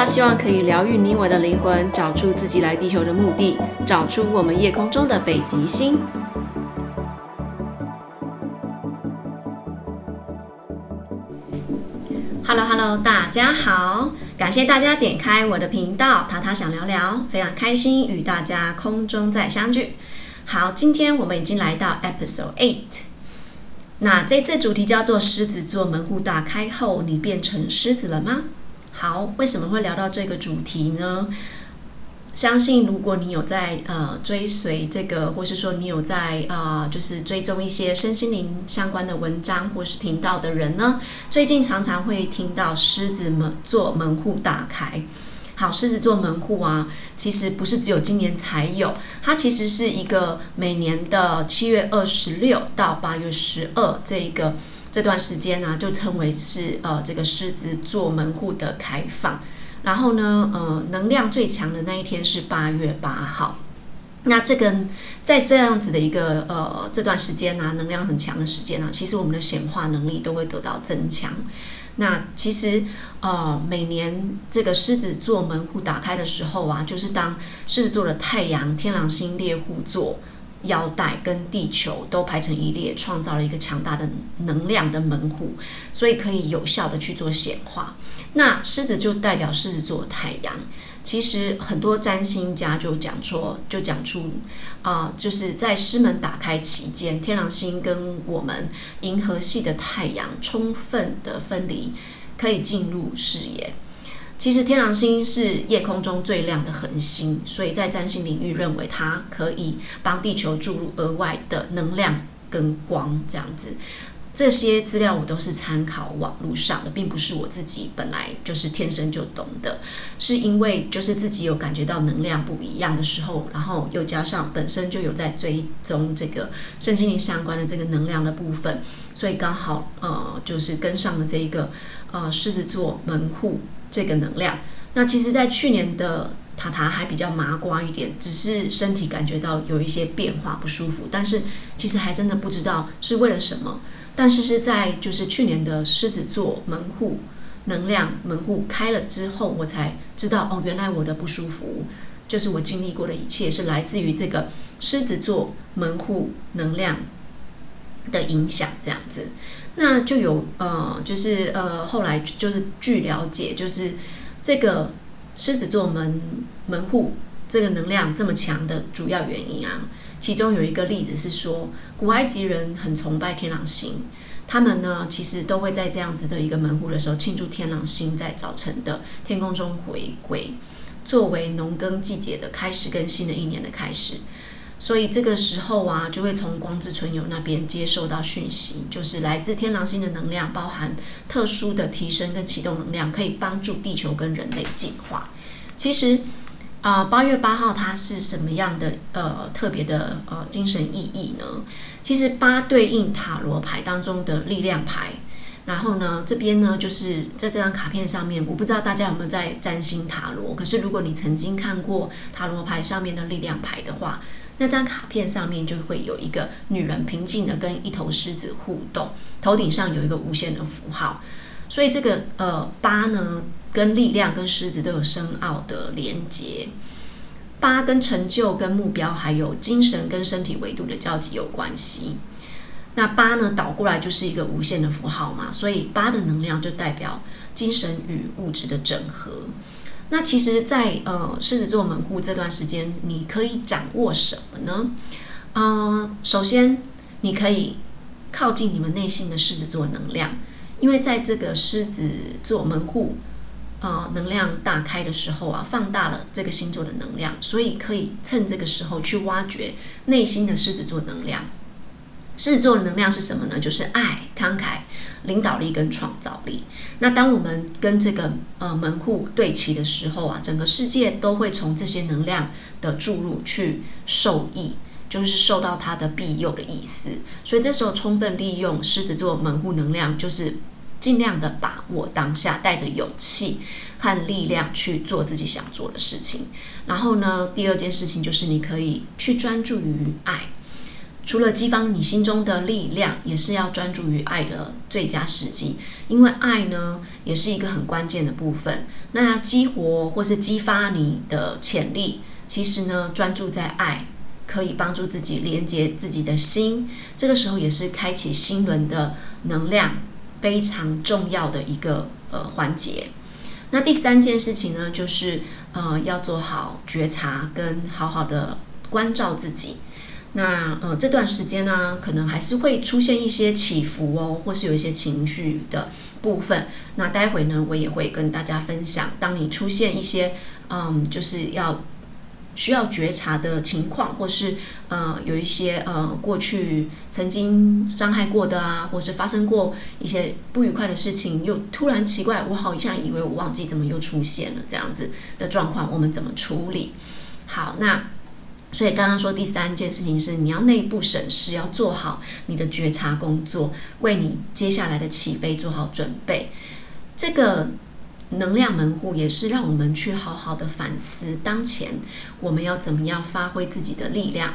那希望可以療癒你我的靈魂，找出自己來地球的目的，找出我們夜空中的北極星。Hello Hello，大家好，感謝大家點開我的頻道，塔塔想聊聊，非常開心與大家空中再相聚。好，今天我們已經來到 Episode Eight，那這次主題叫做“獅子座門戶打開後，你變成獅子了嗎？”好，為什麼會聊到這個主題呢？相信如果你有在呃追隨這個，或是說你有在啊、呃，就是追蹤一些身心靈相關的文章或是頻道的人呢，最近常常會聽到獅子門座門戶打開。好，獅子座門戶啊，其實不是只有今年才有，它其實是一個每年的七月二十六到八月十二這一個。這段時間呢、啊，就稱為是呃這個獅子座門戶的開放，然後呢，呃能量最強的那一天是八月八號。那這個在這樣子的一個呃這段時間呢、啊，能量很強的時間呢、啊，其實我們的顯化能力都會得到增強。那其實呃每年這個獅子座門戶打開的時候啊，就是當獅子座的太陽、天狼星獵戶座。腰帶跟地球都排成一列，創造了一個強大的能量的門戶，所以可以有效的去做顯化。那獅子就代表獅子座太陽，其實很多占星家就講說，就講出啊、呃，就是在獅門打開期間，天狼星跟我們銀河系的太陽充分的分離，可以進入視野。其實天狼星是夜空中最亮的恆星，所以在占星領域認為它可以幫地球注入額外的能量跟光。這樣子，這些資料我都是參考網絡上的，並不是我自己本來就是天生就懂的。是因為就是自己有感覺到能量不一樣的時候，然後又加上本身就有在追蹤這個身心靈相關的這個能量的部分，所以剛好呃就是跟上了這一個呃獅子座門戶。這個能量，那其實，在去年的塔塔還比較麻瓜一點，只是身體感覺到有一些變化不舒服，但是其實還真的不知道是為了什麼。但是是在就是去年的獅子座門戶能量門戶開了之後，我才知道哦，原來我的不舒服就是我經歷過的一切是來自於這個獅子座門戶能量的影響，這樣子。那就有呃，就是呃，後來就是據了解，就是這個獅子座門門戶這個能量這麼強的主要原因啊，其中有一個例子是說，古埃及人很崇拜天狼星，他們呢其實都會在這樣子的一個門戶的時候慶祝天狼星在早晨的天空中回歸，作為農耕季節的開始跟新的一年的開始。所以這個時候啊，就會從光之存有那邊接收到訊息，就是來自天狼星的能量，包含特殊的提升跟啟動能量，可以幫助地球跟人類進化。其實啊，呃，八月八號它是什麼樣的呃特別的呃精神意義呢？其實八對應塔羅牌當中的力量牌，然後呢這邊呢就是在這張卡片上面，我不知道大家有沒有在占星塔羅，可是如果你曾經看過塔羅牌上面的力量牌的話。那張卡片上面就會有一個女人平靜的跟一頭獅子互動，頭頂上有一個無限的符號，所以這個呃八呢跟力量、跟獅子都有深奧的連接。八跟成就、跟目標，還有精神跟身體維度的交集有關係。那八呢倒過來就是一個無限的符號嘛，所以八的能量就代表精神與物質的整合。那其實在，在呃獅子座門戶這段時間，你可以掌握什麼呢？呃，首先你可以靠近你們內心的獅子座能量，因為在這個獅子座門戶呃能量大開的時候啊，放大了這個星座的能量，所以可以趁這個時候去挖掘內心的獅子座能量。獅子座的能量是什麼呢？就是愛、慷慨、領導力跟創造力。那當我們跟這個呃門戶對齊的時候啊，整個世界都會從這些能量的注入去受益，就是受到它的庇佑的意思。所以這時候充分利用獅子座門戶能量，就是盡量的把握當下，帶着勇氣和力量去做自己想做的事情。然後呢，第二件事情就是你可以去專注於愛。除了激發你心中的力量，也是要專注於愛的最佳時機，因為愛呢也是一個很關鍵的部分。那激活或是激發你的潛力，其實呢，專注在愛可以幫助自己連接自己的心。這個時候也是開啟心輪的能量非常重要的一個呃環節。那第三件事情呢，就是呃要做好覺察跟好好的關照自己。那呃這段時間呢，可能還是會出現一些起伏哦，或是有一些情緒的部分。那待會呢，我也會跟大家分享，當你出現一些嗯，就是要需要覺察的情況，或是呃有一些呃過去曾經傷害過的啊，或是發生過一些不愉快的事情，又突然奇怪，我好像以為我忘記怎麼又出現了這樣子的狀況，我們怎麼處理？好，那。所以剛剛說，第三件事情是，你要內部審視，要做好你的覺察工作，為你接下來的起飛做好準備。這個能量門戶也是讓我們去好好的反思當前我們要怎麼樣發揮自己的力量，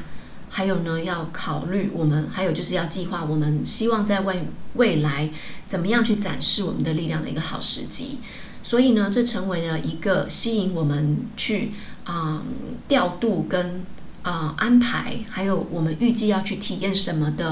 還有呢，要考慮我們還有就是要計劃我們希望在未未來怎麼樣去展示我們的力量的一個好時機。所以呢，這成為了一個吸引我們去啊、嗯、調度跟。啊、呃，安排還有我們預計要去體驗什麼的，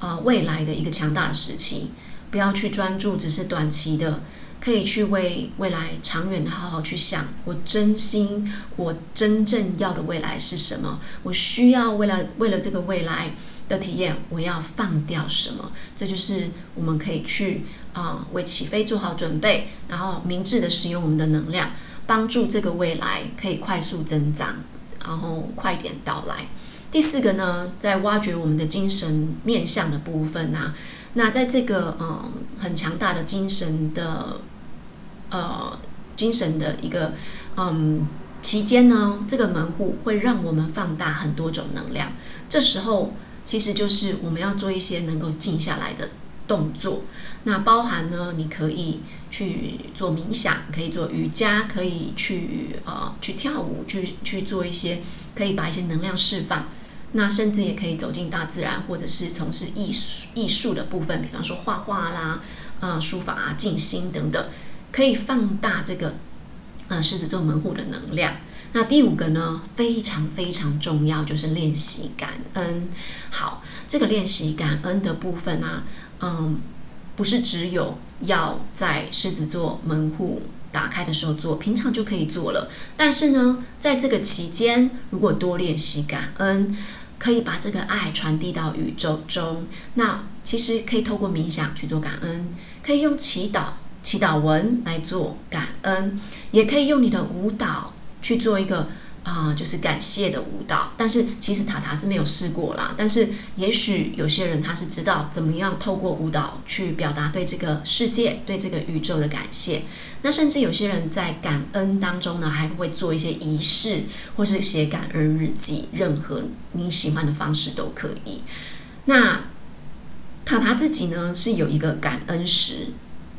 啊、呃，未來的一個強大的時期，不要去專注只是短期的，可以去為未來長遠的好好去想。我真心，我真正要的未來是什麼？我需要為了為了這個未來的體驗，我要放掉什麼？這就是我們可以去啊、呃，為起飛做好準備，然後明智的使用我們的能量，幫助這個未來可以快速增長。然後快點到來。第四個呢，在挖掘我們的精神面向的部分啊，那在這個嗯很強大的精神的呃精神的一個嗯期間呢，這個門戶會讓我們放大很多種能量。這時候其實就是我們要做一些能夠靜下來的動作，那包含呢，你可以去做冥想，可以做瑜伽，可以去呃去跳舞，去去做一些可以把一些能量釋放。那甚至也可以走進大自然，或者是從事藝術藝術的部分，比方說畫畫啦、呃，書法啊、靜心等等，可以放大這個呃獅子座門戶的能量。那第五個呢，非常非常重要，就是練習感恩。好，這個練習感恩的部分呢、啊，嗯。不是只有要在獅子座門戶打開的時候做，平常就可以做了。但是呢，在這個期間，如果多練習感恩，可以把這個愛傳遞到宇宙中。那其實可以透過冥想去做感恩，可以用祈禱、祈禱文來做感恩，也可以用你的舞蹈去做一個。啊，就是感謝的舞蹈。但是其實塔塔是沒有試過啦。但是也許有些人他是知道怎麼樣透過舞蹈去表達對這個世界、對這個宇宙的感謝。那甚至有些人在感恩當中呢，還會做一些儀式，或是寫感恩日記，任何你喜歡的方式都可以。那塔塔自己呢，是有一個感恩石。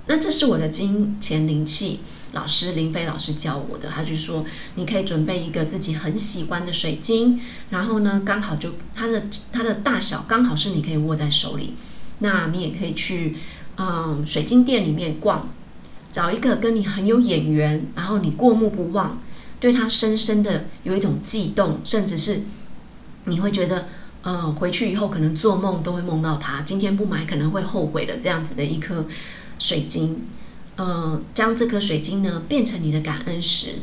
那這是我的金錢靈氣。老師林飛老師教我的，他就說，你可以準備一個自己很喜歡的水晶，然後呢，剛好就它的它的大小剛好是你可以握在手裡，那你也可以去嗯水晶店裡面逛，找一個跟你很有眼緣，然後你過目不忘，對它深深的有一種悸動，甚至是你會覺得嗯回去以後可能做夢都會夢到它，今天不買可能會後悔的這樣子的一顆水晶。呃，將這顆水晶呢變成你的感恩石。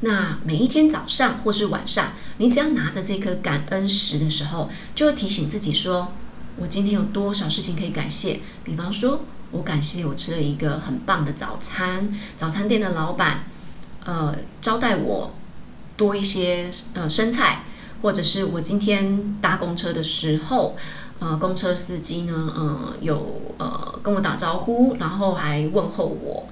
那每一天早上或是晚上，你只要拿着這顆感恩石的時候，就會提醒自己說：我今天有多少事情可以感謝？比方說我感謝我吃了一個很棒的早餐，早餐店的老闆呃招待我多一些呃生菜，或者是我今天搭公車的時候。呃，公車司機呢，嗯、呃，有呃跟我打招呼，然後還問候我，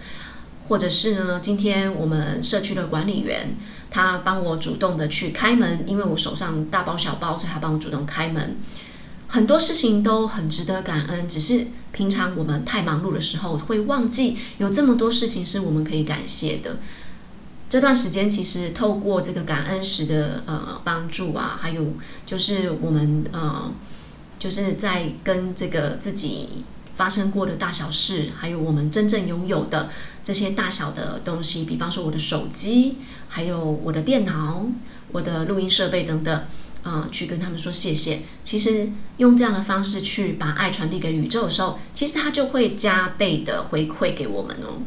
或者是呢，今天我們社區的管理員他幫我主動的去開門，因為我手上大包小包，所以他幫我主動開門。很多事情都很值得感恩，只是平常我們太忙碌的時候會忘記有這麼多事情是我們可以感謝的。這段時間其實透過這個感恩時的呃幫助啊，還有就是我們呃。就是在跟這個自己發生過的大小事，還有我們真正擁有的這些大小的東西，比方說我的手機，還有我的電腦、我的錄音設備等等，啊、呃，去跟他們說謝謝。其實用這樣的方式去把愛傳遞給宇宙的時候，其實它就會加倍的回饋給我們哦。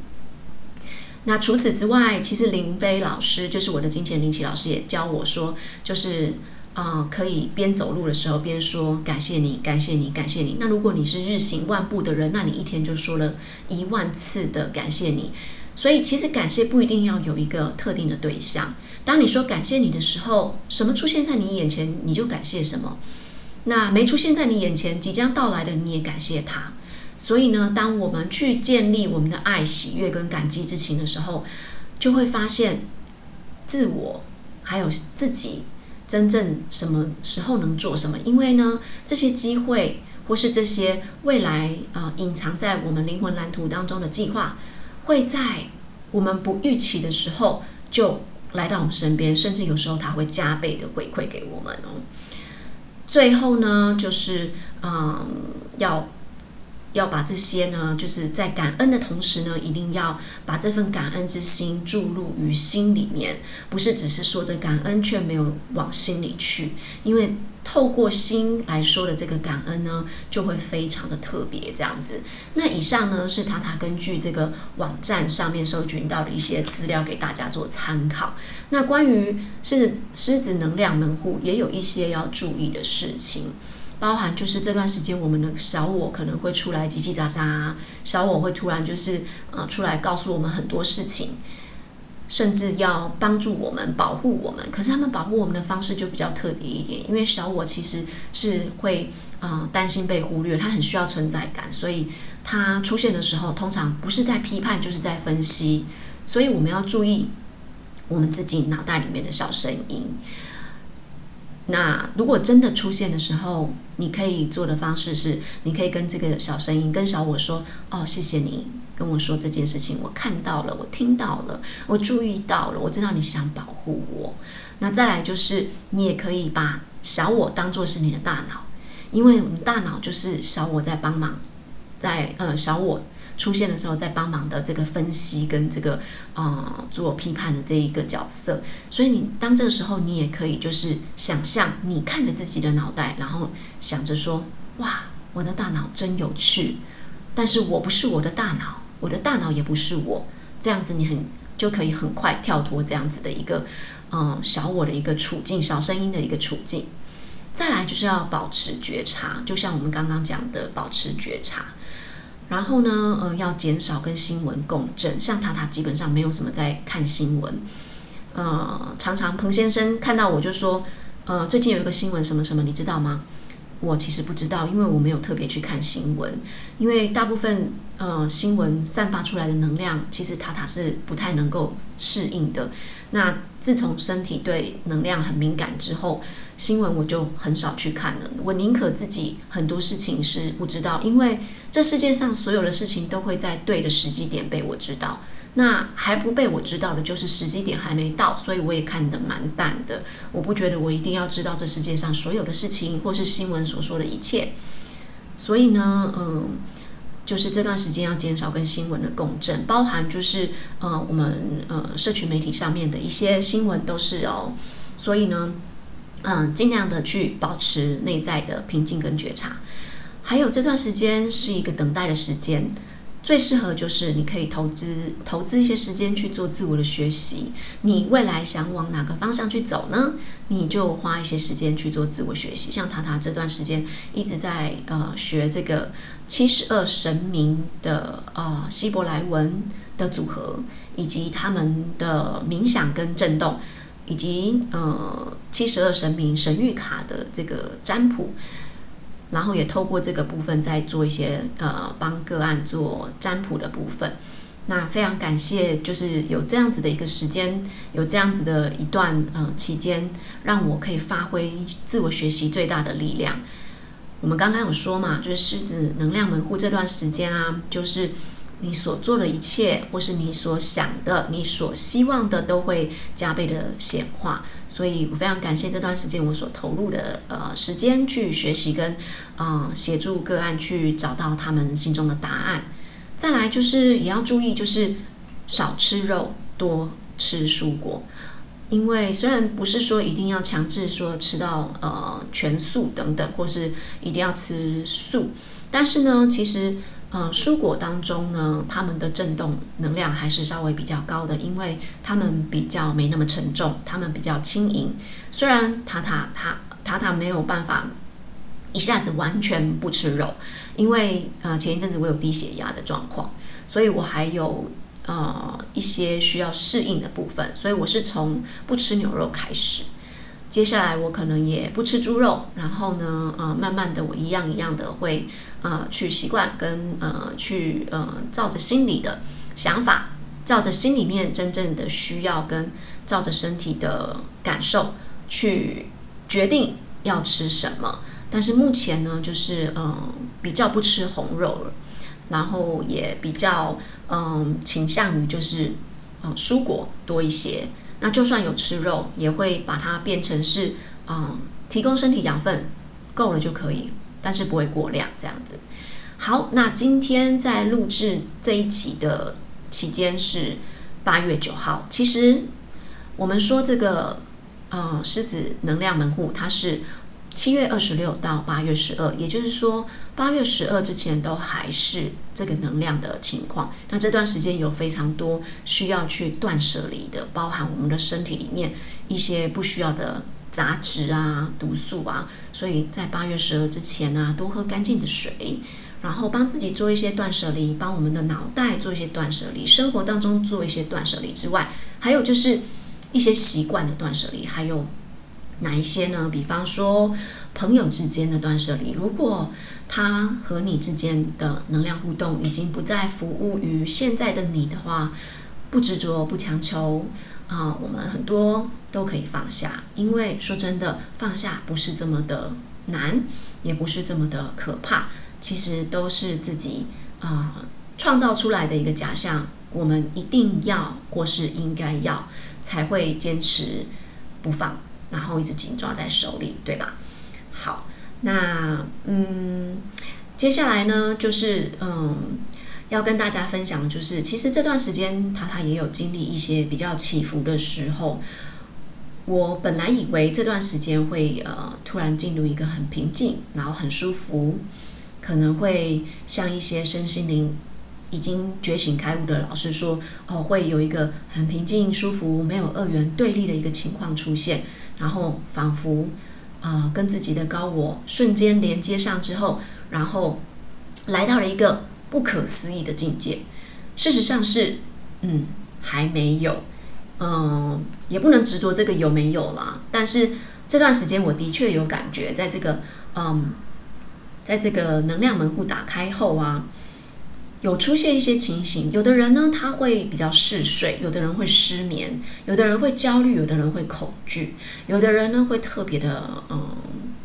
那除此之外，其實林飛老師就是我的金錢靈氣老師也教我說，就是。啊、呃，可以邊走路的時候邊說感謝你，感謝你，感謝你。那如果你是日行萬步的人，那你一天就說了一萬次的感謝你。所以其實感謝不一定要有一個特定的對象。當你說感謝你的時候，什麼出現在你眼前你就感謝什麼。那沒出現在你眼前即將到來的你也感謝他。所以呢，當我們去建立我們的愛、喜悅跟感激之情的時候，就會發現自我還有自己。真正什麼時候能做什麼？因為呢，這些機會或是這些未來啊，隱藏在我們靈魂藍圖當中的計劃，會在我們不預期的時候就來到我們身邊，甚至有時候它會加倍的回饋給我們哦。最後呢，就是嗯，要。要把這些呢，就是在感恩的同時呢，一定要把這份感恩之心注入於心裡面，不是只是說着感恩卻沒有往心裡去，因為透過心來說的這個感恩呢，就會非常的特別這樣子。那以上呢，是塔塔根據這個網站上面收集到的一些資料給大家做參考。那關於獅子，獅子能量門戶也有一些要注意的事情。包含就是這段時間，我們的小我可能會出來嘰嘰喳喳，啊，小我會突然就是呃出來告訴我們很多事情，甚至要幫助我們，保護我們。可是他們保護我們的方式就比較特別一點，因為小我其實是會啊、呃、擔心被忽略，他很需要存在感，所以他出現的時候通常不是在批判，就是在分析，所以我們要注意我們自己腦袋裡面的小聲音。那如果真的出現的時候，你可以做的方式是，你可以跟這個小聲音、跟小我說：“哦，謝謝你跟我說這件事情，我看到了，我聽到了，我注意到了，我知道你想保護我。”那再來就是，你也可以把小我當作是你的大腦，因為你的大腦就是小我在幫忙，在呃小我。出現的時候，在幫忙的這個分析跟這個，呃做批判的這一個角色，所以你當這個時候，你也可以就是想象，你看着自己的腦袋，然後想着說：“哇，我的大腦真有趣。”，但是我不是我的大腦，我的大腦也不是我。這樣子，你很就可以很快跳脫這樣子的一個，嗯、呃，小我的一個處境，小聲音的一個處境。再來就是要保持覺察，就像我們剛剛講的，保持覺察。然後呢，呃，要減少跟新聞共振，像塔塔基本上沒有什麼在看新聞。呃，常常彭先生看到我就說：“呃，最近有一個新聞什麼什麼，你知道嗎？”我其實不知道，因為我沒有特別去看新聞。因為大部分，呃，新聞散發出來的能量，其實塔塔是不太能夠適應的。那自從身體對能量很敏感之後，新聞我就很少去看了。我寧可自己很多事情是不知道，因為。這世界上所有的事情都會在對的時機點被我知道，那還不被我知道的就是時機點還沒到，所以我也看得蠻淡的。我不覺得我一定要知道這世界上所有的事情，或是新聞所說的一切。所以呢，嗯，就是這段時間要減少跟新聞的共振，包含就是呃，我們呃，社群媒體上面的一些新聞都是哦。所以呢，嗯，盡量的去保持內在的平靜跟覺察。還有這段時間是一個等待的時間，最適合就是你可以投資投資一些時間去做自我的學習。你未來想往哪個方向去走呢？你就花一些時間去做自我學習。像塔塔這段時間一直在呃學這個七十二神明的呃希伯來文的組合，以及他們的冥想跟震動，以及呃七十二神明神諭卡的這個占卜。然後也透過這個部分再做一些呃幫個案做占卜的部分。那非常感謝，就是有這樣子的一個時間，有這樣子的一段呃期間，讓我可以發揮自我學習最大的力量。我們剛剛有說嘛，就是獅子能量門戶這段時間啊，就是你所做的一切，或是你所想的，你所希望的，都會加倍的顯化。所以我非常感謝這段時間我所投入的呃時間去學習跟啊、嗯，協助個案去找到他們心中的答案。再來就是也要注意，就是少吃肉，多吃蔬果。因為雖然不是說一定要強制說吃到呃全素等等，或是一定要吃素，但是呢，其實呃蔬果當中呢，他們的振動能量還是稍微比較高的，因為他們比較沒那麼沉重，他們比較輕盈。雖然塔塔塔塔塔沒有辦法，一下子完全不吃肉，因為呃前一陣子我有低血壓的狀況，所以我還有呃一些需要適應的部分，所以我是從不吃牛肉開始，接下來我可能也不吃豬肉，然後呢呃慢慢的我一樣一樣的會呃去習慣跟呃去呃照着心裡的想法，照着心裡面真正的需要跟照着身體的感受去決定要吃什麼。但是目前呢，就是嗯比較不吃紅肉了，然後也比較嗯傾向於就是，嗯，蔬果多一些。那就算有吃肉，也會把它變成是嗯提供身體養分夠了就可以，但是不會過量這樣子。好，那今天在錄製這一期的期間是八月九號。其實我們說這個嗯獅子能量門戶，它是。七月二十六到八月十二，也就是說八月十二之前都還是這個能量的情況。那這段時間有非常多需要去斷捨離的，包含我們的身體裡面一些不需要的雜質啊、毒素啊。所以在八月十二之前呢、啊，多喝乾淨的水，然後幫自己做一些斷捨離，幫我們的腦袋做一些斷捨離，生活當中做一些斷捨離之外，還有就是一些習慣的斷捨離，還有。哪一些呢？比方說，朋友之間的斷捨離，如果他和你之間的能量互動已經不再服務於現在的你的話，不執着、不強求啊、呃，我們很多都可以放下。因為說真的，放下不是這麼的難，也不是這麼的可怕，其實都是自己啊、呃，創造出來的一個假象。我們一定要或是應該要才會堅持不放。然後一直緊抓在手裡，對吧？好，那嗯，接下來呢，就是嗯，要跟大家分享的，就是其實這段時間塔塔也有經歷一些比較起伏的時候。我本來以為這段時間會呃突然進入一個很平靜，然後很舒服，可能會像一些身心靈已經覺醒開悟的老師說，哦，會有一個很平靜、舒服、沒有二元對立的一個情況出現。然後仿佛，啊、呃、跟自己的高我瞬間連接上之後，然後來到了一個不可思議的境界。事實上是，嗯，還沒有，嗯，也不能執着這個有沒有啦。但是這段時間我的確有感覺，在這個，嗯，在這個能量門戶打開後啊。有出現一些情形，有的人呢，他會比較嗜睡，有的人會失眠，有的人會焦慮，有的人會恐懼，有的人呢會特別的嗯，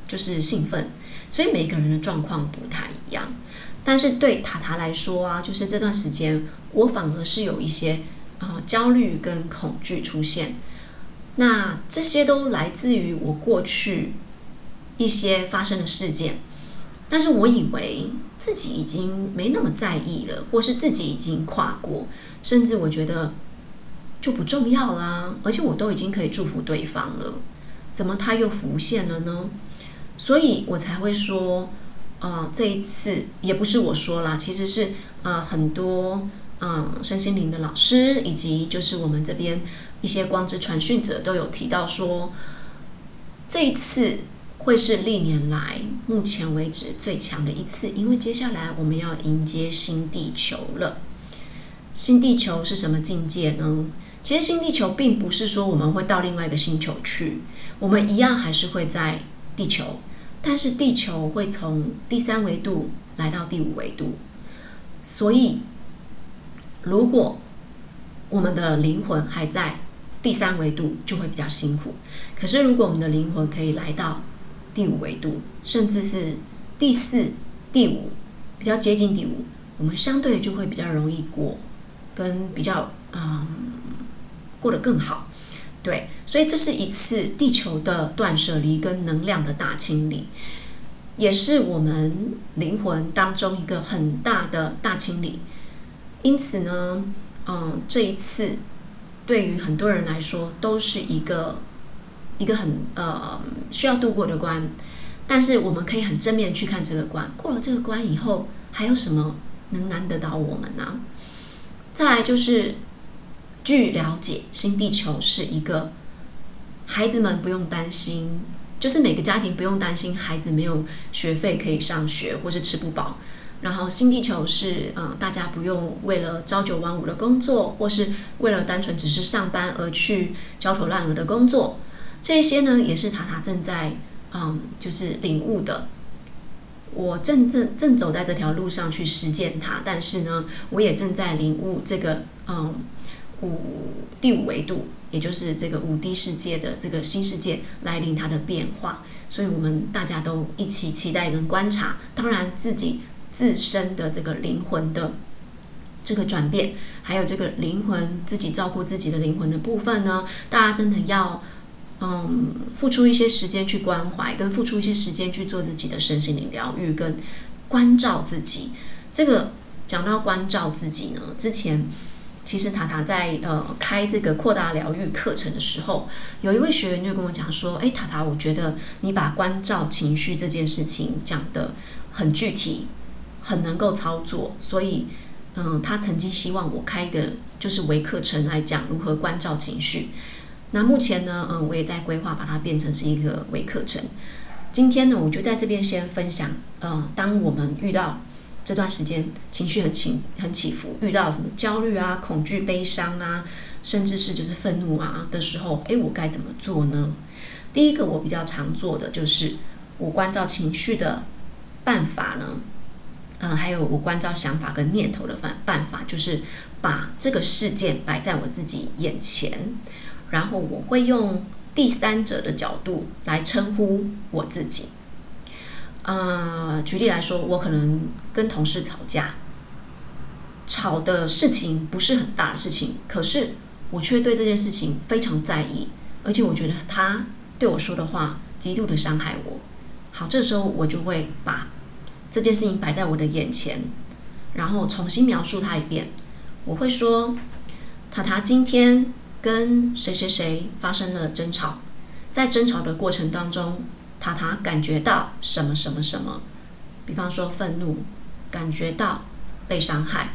就是興奮，所以每個人的狀況不太一樣。但是對塔塔來說啊，就是這段時間我反而是有一些啊、呃、焦慮跟恐懼出現，那這些都來自於我過去一些發生的事件，但是我以為。自己已經沒那麼在意了，或是自己已經跨過，甚至我覺得就不重要啦。而且我都已經可以祝福對方了，怎麼他又浮現了呢？所以我才會說，呃，這一次也不是我說啦，其實是呃很多嗯、呃、身心靈的老師以及就是我們這邊一些光之傳訊者都有提到說，這一次。會是歷年來目前為止最強的一次，因為接下來我們要迎接新地球了。新地球是什麼境界呢？其實新地球並不是說我們會到另外一個星球去，我們一樣還是會在地球，但是地球會從第三維度來到第五維度。所以，如果我們的靈魂還在第三維度，就會比較辛苦。可是，如果我們的靈魂可以來到，第五維度，甚至是第四、第五比較接近第五，我們相對就會比較容易過，跟比較嗯過得更好，對。所以這是一次地球的斷捨離，跟能量的大清理，也是我們靈魂當中一個很大的大清理。因此呢，嗯，這一次對於很多人來說都是一個。一個很呃需要度過的關，但是我們可以很正面去看這個關。過了這個關以後，還有什麼能難得倒我們呢、啊？再來就是，據了解，新地球是一個孩子們不用擔心，就是每個家庭不用擔心孩子沒有學費可以上學或是吃不飽。然後新地球是，嗯、呃，大家不用為了朝九晚五的工作，或是為了單純只是上班而去焦頭爛額的工作。這些呢，也是塔塔正在，嗯，就是領悟的。我正正正走在這條路上去實踐它，但是呢，我也正在領悟這個，嗯，五第五維度，也就是這個五 D 世界的這個新世界來臨它的變化。所以，我們大家都一起期待跟觀察，當然自己自身的這個靈魂的這個轉變，還有這個靈魂自己照顧自己的靈魂的部分呢，大家真的要。嗯，付出一些時間去關懷，跟付出一些時間去做自己的身心靈療癒，跟關照自己。這個講到關照自己呢，之前其實塔塔在呃開這個擴大療癒課程的時候，有一位學員就跟我講說：“哎、欸，塔塔，我覺得你把關照情緒這件事情講得很具體，很能夠操作。所以，嗯、呃，他曾經希望我開一個就是微課程來講如何關照情緒。”那目前呢，嗯、呃，我也在規劃把它變成是一個微課程。今天呢，我就在這邊先分享，嗯、呃，當我們遇到這段時間情緒很起很起伏，遇到什麼焦慮啊、恐懼、悲傷啊，甚至是就是憤怒啊的時候，誒、欸，我該怎麼做呢？第一個我比較常做的就是我關照情緒的辦法呢，嗯、呃，還有我關照想法跟念頭的辦辦法，就是把這個事件擺在我自己眼前。然後我會用第三者的角度來稱呼我自己。呃，舉例來說，我可能跟同事吵架，吵的事情不是很大的事情，可是我卻對這件事情非常在意，而且我覺得他對我說的話極度的傷害我。好，這時候我就會把這件事情擺在我的眼前，然後重新描述他一遍。我會說：“塔塔，今天。”跟誰誰誰發生了爭吵，在爭吵的過程當中，塔塔感覺到什麼什麼什麼，比方說憤怒，感覺到被傷害。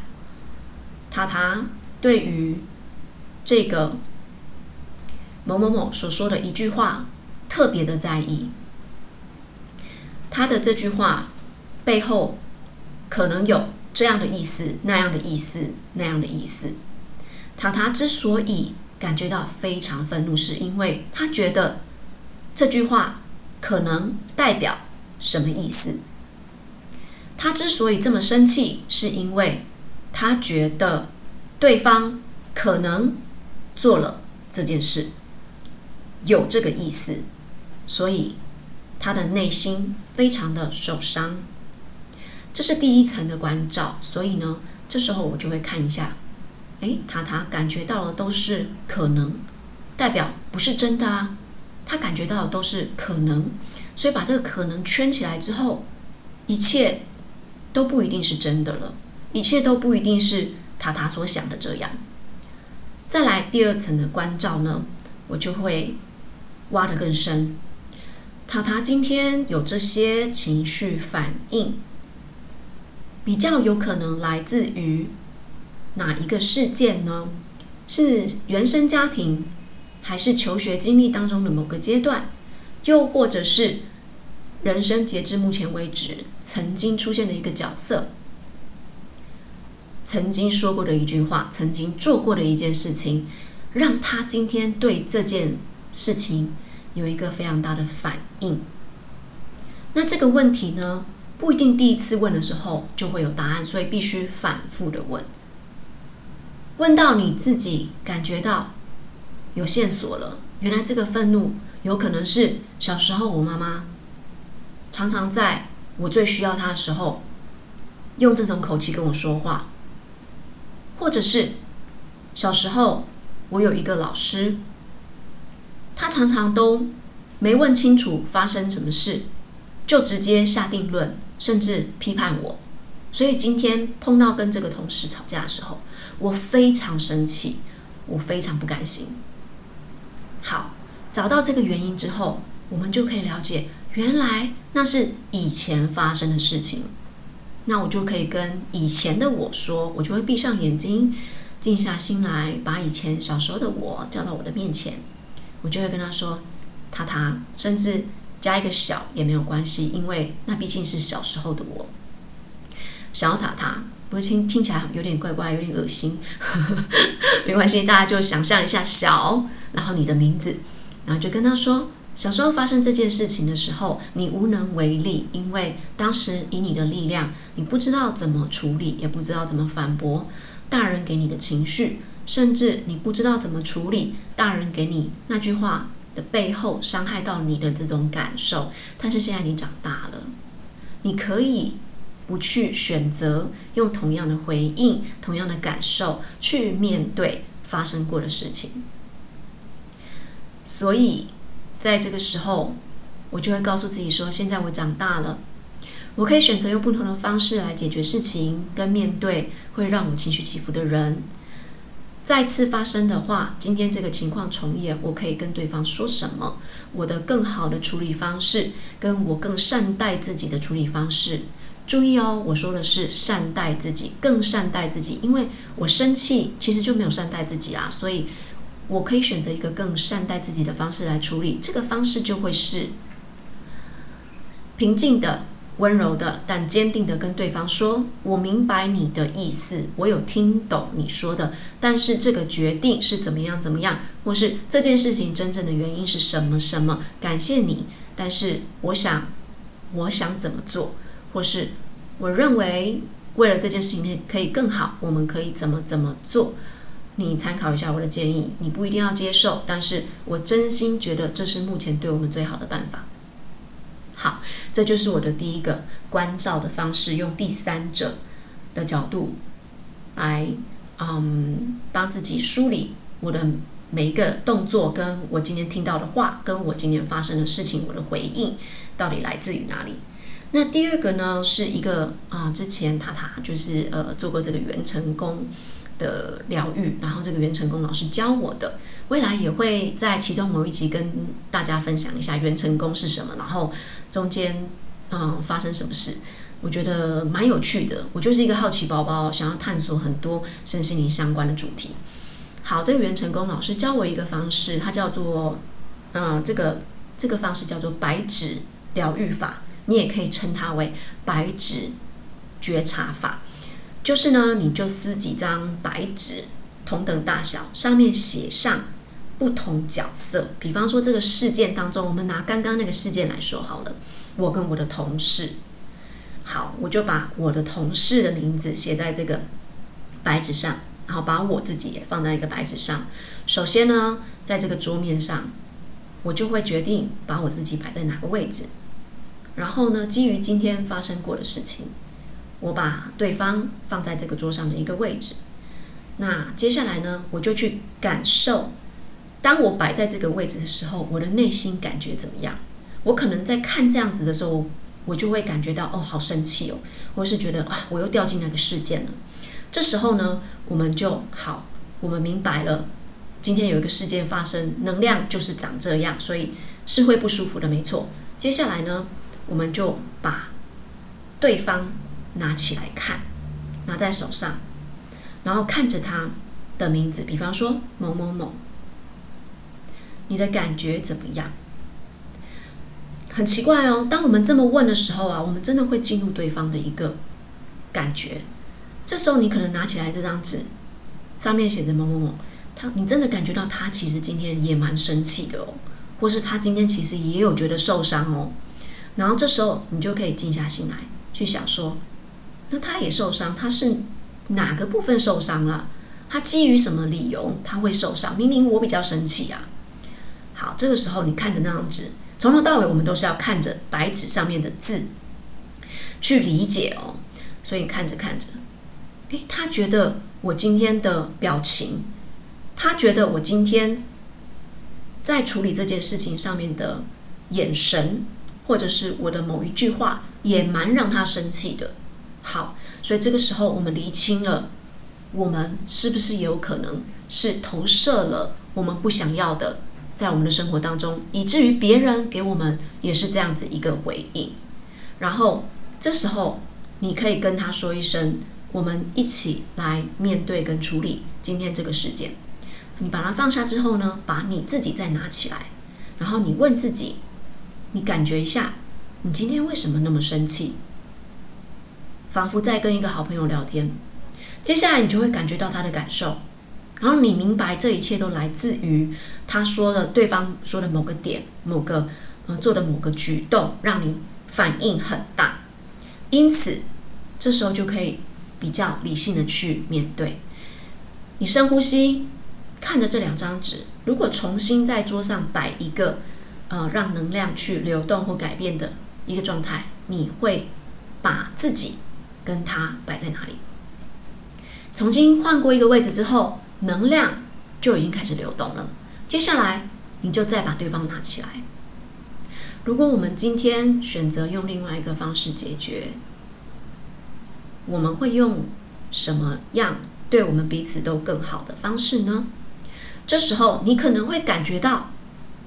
塔塔對於這個某某某所說的一句話特別的在意，他的這句話背後可能有這樣的意思、那樣的意思、那樣的意思。塔塔之所以。感覺到非常憤怒，是因為他覺得這句話可能代表什麼意思。他之所以這麼生氣，是因為他覺得對方可能做了這件事，有這個意思，所以他的內心非常的受傷。這是第一層的觀照，所以呢，這時候我就會看一下。哎，塔塔感覺到的都是可能，代表不是真的啊。他感覺到的都是可能，所以把這個可能圈起來之後，一切都不一定是真的了，一切都不一定是塔塔所想的這樣。再來第二層的觀照呢，我就會挖得更深。塔塔今天有這些情緒反應，比較有可能來自於哪一個事件呢？是原生家庭，還是求學經歷當中的某個階段，又或者是人生截至目前為止曾經出現的一個角色，曾經說過的一句話，曾經做過的一件事情，讓他今天對這件事情有一個非常大的反應。那這個問題呢，不一定第一次問的時候就會有答案，所以必須反覆的問。問到你自己，感覺到有線索了。原來這個憤怒有可能是小時候我媽媽常常在我最需要她的時候，用這種口氣跟我說話，或者是小時候我有一個老師，他常常都沒問清楚發生什麼事，就直接下定論，甚至批判我。所以今天碰到跟這個同事吵架的時候。我非常生氣，我非常不甘心。好，找到這個原因之後，我們就可以了解，原來那是以前發生的事情。那我就可以跟以前的我說，我就會閉上眼睛，靜下心來，把以前小時候的我叫到我的面前，我就會跟他說：塔塔，甚至加一個小也沒有關係，因為那畢竟是小時候的我。小塔塔。會聽聽起來有點怪怪，有點噁心呵呵，沒關係，大家就想象一下小，然後你的名字，然後就跟他說，小時候發生這件事情的時候，你無能為力，因為當時以你的力量，你不知道怎麼處理，也不知道怎麼反駁大人給你的情緒，甚至你不知道怎麼處理大人給你那句話的背後傷害到你的這種感受。但是現在你長大了，你可以。不去選擇用同樣的回應、同樣的感受去面對發生過的事情，所以在這個時候，我就會告訴自己說：“現在我長大了，我可以選擇用不同的方式來解決事情跟面對會讓我情緒起伏的人。再次發生的話，今天這個情況重演，我可以跟對方說什麼？我的更好的處理方式，跟我更善待自己的處理方式。”注意哦，我說的是善待自己，更善待自己。因為我生氣，其實就沒有善待自己啊。所以我可以選擇一個更善待自己的方式來處理。這個方式就會是平靜的、溫柔的，但堅定的跟對方說：“我明白你的意思，我有聽懂你說的。但是這個決定是怎麼樣怎麼樣，或是這件事情真正的原因是什麼什麼。感謝你，但是我想，我想怎麼做？”或是，我認為為了這件事情可以更好，我們可以怎麼怎麼做，你參考一下我的建議，你不一定要接受，但是我真心覺得這是目前對我們最好的辦法。好，這就是我的第一個觀照的方式，用第三者的角度來，嗯，幫自己梳理我的每一個動作，跟我今天聽到的話，跟我今天發生的事情，我的回應到底來自於哪裡？那第二個呢，是一個啊、呃，之前塔塔就是呃做過這個元辰宮的療癒，然後這個元辰宮老師教我的，未來也會在其中某一集跟大家分享一下元辰宮是什麼，然後中間嗯、呃、發生什麼事，我覺得蠻有趣的。我就是一個好奇寶寶，想要探索很多身心靈相關的主題。好，這個元辰宮老師教我一個方式，它叫做嗯、呃，這個這個方式叫做白紙療癒法。你也可以稱它為白紙覺察法，就是呢，你就撕幾張白紙，同等大小，上面寫上不同角色。比方說，這個事件當中，我們拿剛剛那個事件來說好了，我跟我的同事，好，我就把我的同事的名字寫在這個白紙上，然後把我自己也放在一個白紙上。首先呢，在這個桌面上，我就會決定把我自己擺在哪個位置。然後呢，基於今天發生過的事情，我把對方放在這個桌上的一個位置。那接下來呢，我就去感受，當我擺在這個位置的時候，我的內心感覺怎麼樣？我可能在看這樣子的時候，我就會感覺到哦，好生氣哦！或是覺得啊，我又掉進那個事件了。這時候呢，我們就好，我們明白了，今天有一個事件發生，能量就是長這樣，所以是會不舒服的，沒錯。接下來呢，我們就把對方拿起來看，拿在手上，然後看着他的名字，比方說某某某，你的感覺怎麼樣？很奇怪哦。當我們這麼問的時候啊，我們真的會進入對方的一個感覺。這時候你可能拿起來這張紙，上面寫着某某某，他你真的感覺到他其實今天也蠻生氣的哦，或是他今天其實也有覺得受傷哦。然後這時候你就可以靜下心來去想說，那他也受傷，他是哪個部分受傷了？他基於什麼理由他會受傷？明明我比較生氣啊！好，這個時候你看着那張紙，從頭到尾我們都是要看着白紙上面的字去理解哦。所以看着看着，誒，他覺得我今天的表情，他覺得我今天在處理這件事情上面的眼神。或者是我的某一句話也蠻讓他生氣的，好，所以這個時候我們釐清了，我們是不是也有可能是投射了我們不想要的在我們的生活當中，以至於別人給我們也是這樣子一個回應。然後這時候你可以跟他說一聲，我們一起來面對跟處理今天這個事件。你把它放下之後呢，把你自己再拿起來，然後你問自己。你感覺一下，你今天為什麼那麼生氣？仿佛在跟一個好朋友聊天，接下來你就會感覺到他的感受，然後你明白這一切都來自於他說的對方說的某個點，某個、呃、做的某個舉動，讓你反應很大。因此，這時候就可以比較理性的去面對。你深呼吸，看着這兩張紙，如果重新在桌上擺一個。呃，讓能量去流動或改變的一個狀態，你會把自己跟他擺在哪裡？重新換過一個位置之後，能量就已經開始流動了。接下來，你就再把對方拿起來。如果我們今天選擇用另外一個方式解決，我們會用什麼樣對我們彼此都更好的方式呢？這時候，你可能會感覺到。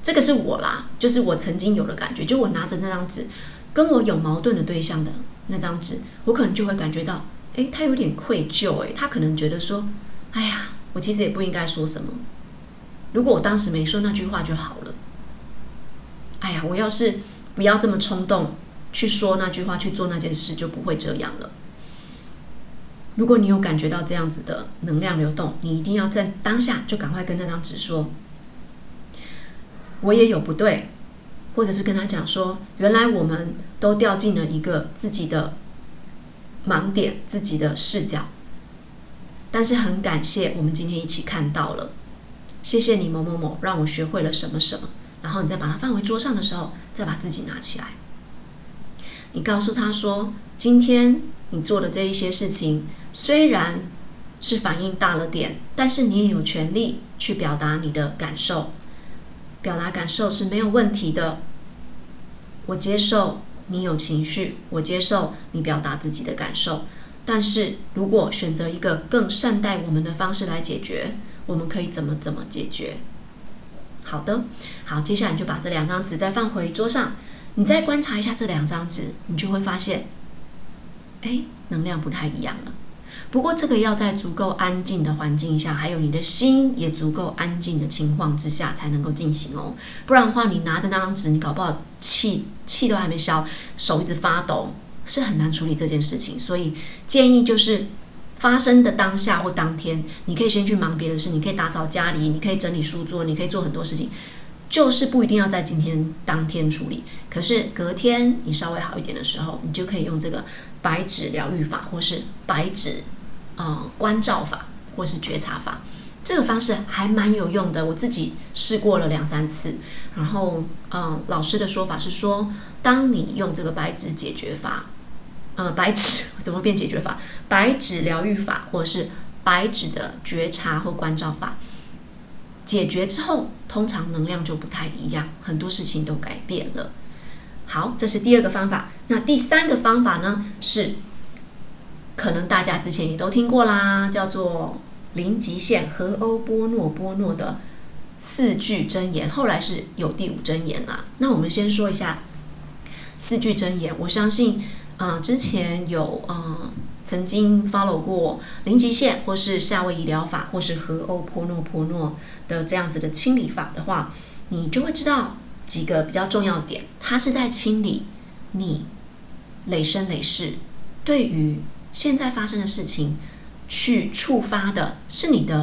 這個是我啦，就是我曾經有的感覺，就我拿着那張紙，跟我有矛盾的對象的那張紙，我可能就會感覺到，哎，他有點愧疚，哎，他可能覺得說，哎呀，我其實也不應該說什麼，如果我當時沒說那句話就好了，哎呀，我要是不要這麼衝動去說那句話，去做那件事，就不會這樣了。如果你有感覺到這樣子的能量流動，你一定要在當下就趕快跟那張紙說。我也有不對，或者是跟他講說，原來我們都掉進了一個自己的盲點、自己的視角。但是很感謝我們今天一起看到了，謝謝你某某某，讓我學會了什麼什麼。然後你再把它放回桌上的時候，再把自己拿起來。你告訴他說，今天你做的這一些事情，雖然是反應大了點，但是你也有權利去表達你的感受。表達感受是沒有問題的，我接受你有情緒，我接受你表達自己的感受，但是如果選擇一個更善待我們的方式來解決，我們可以怎麼怎麼解決？好的，好，接下來你就把這兩張紙再放回桌上，你再觀察一下這兩張紙，你就會發現，哎，能量不太一樣了。不過這個要在足夠安靜的環境下，還有你的心也足夠安靜的情況之下才能夠進行哦。不然的話，你拿着那張紙，你搞不好氣氣都還沒消，手一直發抖，是很難處理這件事情。所以建議就是發生的當下或當天，你可以先去忙別的事，你可以打掃家裡，你可以整理書桌，你可以做很多事情，就是不一定要在今天當天處理。可是隔天你稍微好一點的時候，你就可以用這個白紙療癒法，或是白紙。嗯，觀照法或是覺察法，這個方式還蠻有用的。我自己試過了兩三次，然後嗯，老師的說法是說，當你用這個白紙解決法，呃，白紙怎麼變解決法？白紙療癒法，或者是白紙的覺察或觀照法，解決之後，通常能量就不太一樣，很多事情都改變了。好，這是第二個方法。那第三個方法呢？是。可能大家之前也都聽過啦，叫做零極限和歐波諾波諾的四句真言，後來是有第五真言啦。那我們先說一下四句真言。我相信，啊、呃、之前有呃曾經 follow 過零極限或是夏威夷療法，或是和歐波諾波諾的這樣子的清理法的話，你就會知道幾個比較重要點。它是在清理你累生累世對於。現在發生的事情，去觸發的是你的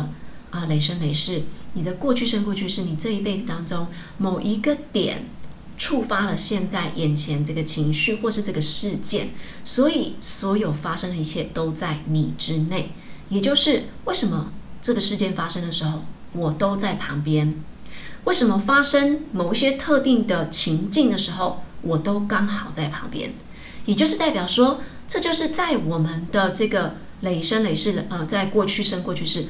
啊、呃，累生累世，你的過去生過去是你這一輩子當中某一個點觸發了現在眼前這個情緒或是這個事件，所以所有發生的一切都在你之內，也就是為什麼這個事件發生的時候，我都在旁邊；為什麼發生某一些特定的情境的時候，我都剛好在旁邊，也就是代表說。這就是在我們的這個累生累世，呃，在過去生過去世，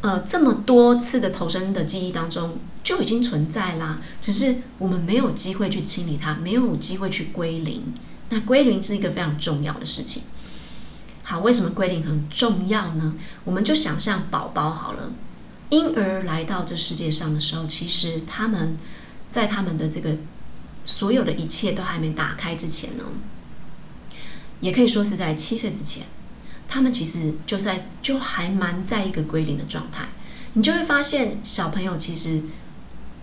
呃，這麼多次的投生的記憶當中，就已經存在啦。只是我們沒有機會去清理它，沒有機會去歸零。那歸零是一個非常重要的事情。好，為什麼歸零很重要呢？我們就想象寶寶好了，嬰兒來到這世界上的時候，其實他們在他們的這個所有的一切都還沒打開之前呢。也可以說是在七歲之前，他們其實就在就還蠻在一個歸零的狀態，你就會發現小朋友其實，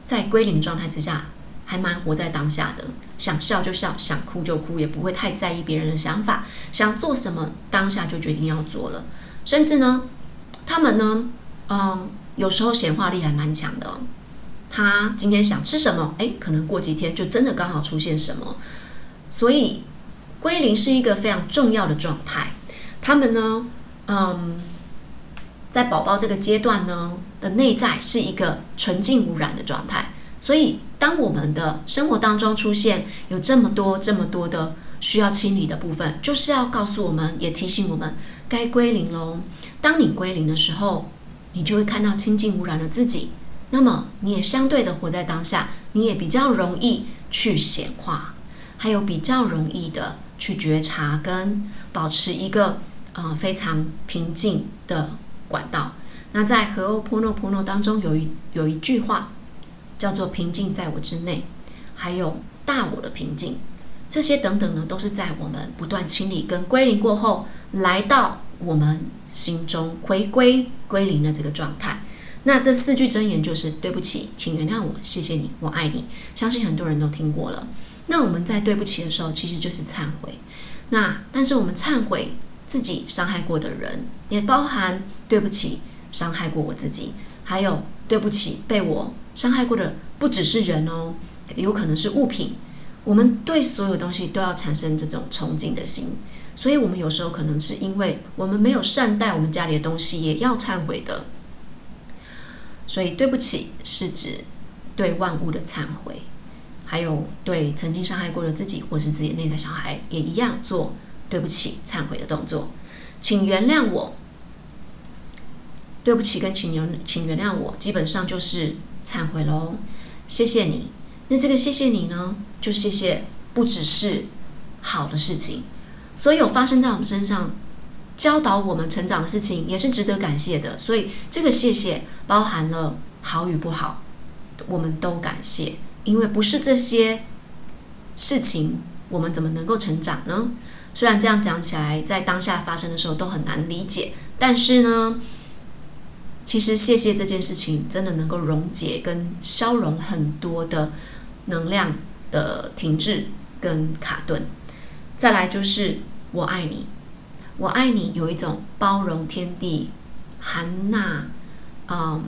在歸零狀態之下，還蠻活在當下的，想笑就笑，想哭就哭，也不會太在意別人的想法，想做什麼當下就決定要做了，甚至呢，他們呢，嗯，有時候顯化力還蠻強的，他今天想吃什麼，哎、欸，可能過幾天就真的剛好出現什麼，所以。歸零是一個非常重要的狀態，他們呢，嗯，在寶寶這個階段呢的內在是一個純淨無染的狀態，所以當我們的生活當中出現有這麼多這麼多的需要清理的部分，就是要告訴我們，也提醒我們該歸零嘍。當你歸零的時候，你就會看到清淨無染的自己，那麼你也相對的活在當下，你也比較容易去顯化，還有比較容易的。去覺察跟保持一個呃非常平靜的管道。那在荷歐波諾波諾當中有一有一句話叫做平靜在我之內，還有大我的平靜，這些等等呢都是在我們不斷清理跟歸零過後來到我們心中回歸歸、歸零的這個狀態。那這四句真言就是對不起，請原諒我，謝謝你，我愛你。相信很多人都聽過了。那我們在對不起的時候，其實就是懺悔。那但是我們懺悔自己傷害過的人，也包含對不起傷害過我自己，還有對不起被我傷害過的，不只是人哦，有可能是物品。我們對所有東西都要產生這種崇敬的心，所以我們有時候可能是因為我們沒有善待我們家裡的東西，也要懺悔的。所以對不起是指對萬物的懺悔。還有對曾經傷害過的自己或是自己內在小孩，也一樣做對不起、懺悔的動作，請原諒我。對不起跟請原請原諒我，基本上就是懺悔咯。謝謝你，那這個謝謝你呢，就謝謝不只是好的事情，所有發生在我們身上教導我們成長的事情，也是值得感謝的。所以這個謝謝包含了好與不好，我們都感謝。因為不是這些事情，我們怎麼能夠成長呢？雖然這樣講起來，在當下發生的時候都很難理解，但是呢，其實謝謝這件事情，真的能夠溶解跟消融很多的能量的停滯跟卡頓。再來就是我愛你，我愛你，有一種包容天地、含納，嗯。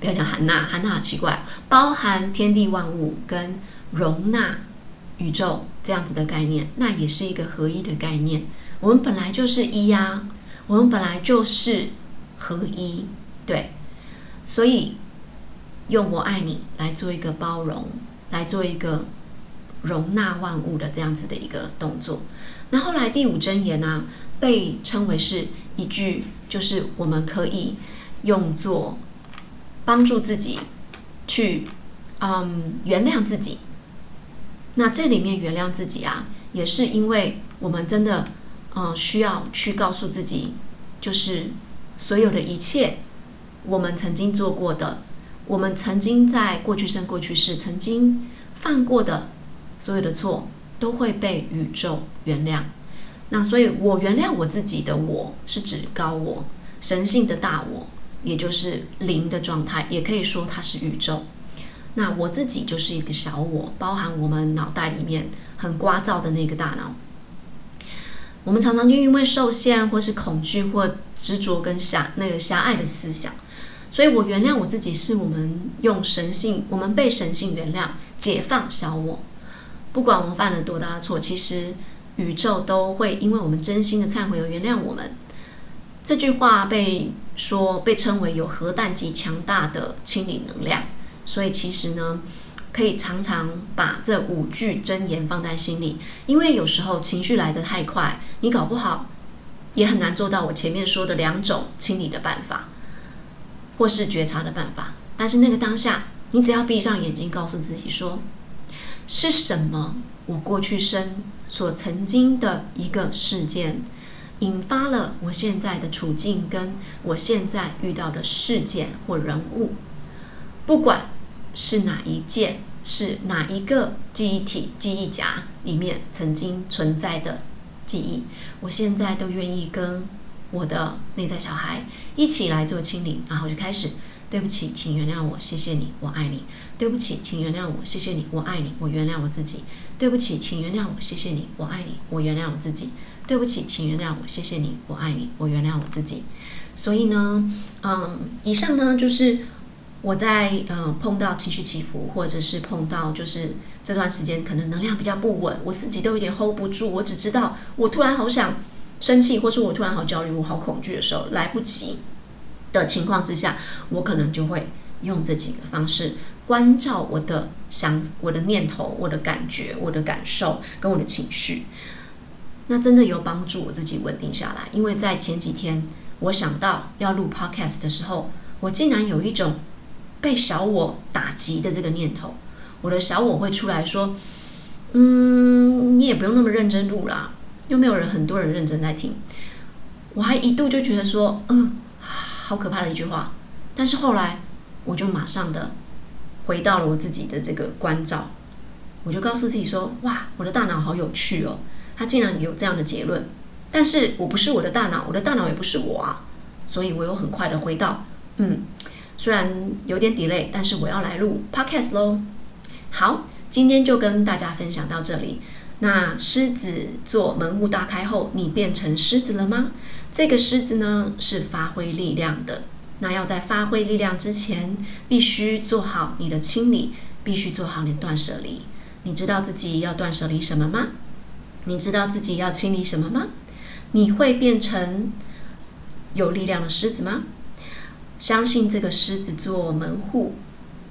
不要講“含納”，“含納”好奇怪哦，包含天地萬物跟容納宇宙這樣子的概念，那也是一個合一的概念。我們本來就是一呀、啊，我們本來就是合一，對。所以用“我愛你”來做一個包容，來做一個容納萬物的這樣子的一個動作。那後來第五真言呢、啊，被稱為是一句，就是我們可以用作。幫助自己，去，嗯，原諒自己。那這裡面原諒自己啊，也是因為我們真的，嗯、呃，需要去告訴自己，就是所有的一切，我們曾經做過的，我們曾經在過去生、過去世曾經犯過的所有的錯，都會被宇宙原諒。那所以，我原諒我自己的，我是指高我、神性的大我。也就是零的狀態，也可以說它是宇宙。那我自己就是一個小我，包含我們腦袋裡面很聒噪的那個大腦。我們常常就因為受限，或是恐懼，或執着跟狹那個狹隘的思想，所以我原諒我自己，是我們用神性，我們被神性原諒，解放小我。不管我們犯了多大的錯，其實宇宙都會因為我們真心的懺悔而原諒我們。這句話被。說被稱為有核彈級強大的清理能量，所以其實呢，可以常常把這五句真言放在心裡，因為有時候情緒來得太快，你搞不好也很難做到我前面說的兩種清理的辦法，或是覺察的辦法。但是那個當下，你只要閉上眼睛，告訴自己說，是什麼我過去生所曾經的一個事件，引發了我現在的處境，跟我現在遇到的事件或人物，不管是哪一件，是哪一個記憶體、記憶夾裡面曾經存在的記憶，我現在都願意跟我的內在小孩一起來做清理，然後就開始。對不起，請原諒我，謝謝你，我愛你。對不起，請原諒我，謝謝你，我愛你，我原諒我自己。對不起，請原諒我，謝謝你，我愛你，我原諒我自己。對不起，請原諒我，謝謝你，我愛你，我原諒我自己。所以呢，嗯，以上呢就是我在嗯碰到情緒起伏，或者是碰到就是這段時間可能能量比較不穩，我自己都有點 hold 不住。我只知道，我突然好想生氣，或是我突然好焦慮，我好恐懼的時候，來不及的情況之下，我可能就會用這幾個方式觀照我的想、我的念頭、我的感覺、我的感受跟我的情緒。那真的有幫助我自己穩定下來，因為在前幾天我想到要錄 podcast 的時候，我竟然有一種被小我打擊的這個念頭，我的小我會出來說：“嗯，你也不用那麼認真錄啦，又沒有人，很多人認真在聽。”我還一度就覺得說：“嗯，好可怕的一句話。”但是後來我就馬上的回到了我自己的這個觀照，我就告訴自己說：“哇，我的大腦好有趣哦。”他竟然有這樣的結論，但是我不是我的大腦，我的大腦也不是我啊，所以我有很快的回到，嗯，雖然有點 delay，但是我要來錄 podcast 嘍。好，今天就跟大家分享到這裡。那獅子座門戶大開後，你變成獅子了嗎？這個獅子呢是發揮力量的，那要在發揮力量之前，必須做好你的清理，必須做好你的斷捨離。你知道自己要斷捨離什麼嗎？你知道自己要清理什麼嗎？你會變成有力量的獅子嗎？相信這個獅子座門戶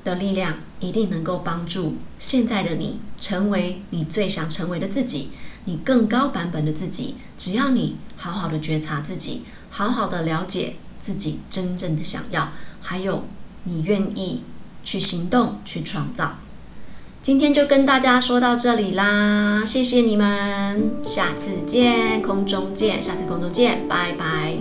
的力量，一定能夠幫助現在的你成為你最想成為的自己，你更高版本的自己。只要你好好的覺察自己，好好的了解自己真正的想要，還有你願意去行動去創造。今天就跟大家說到這裡啦，謝謝你們，下次見，空中見，下次空中見，拜拜。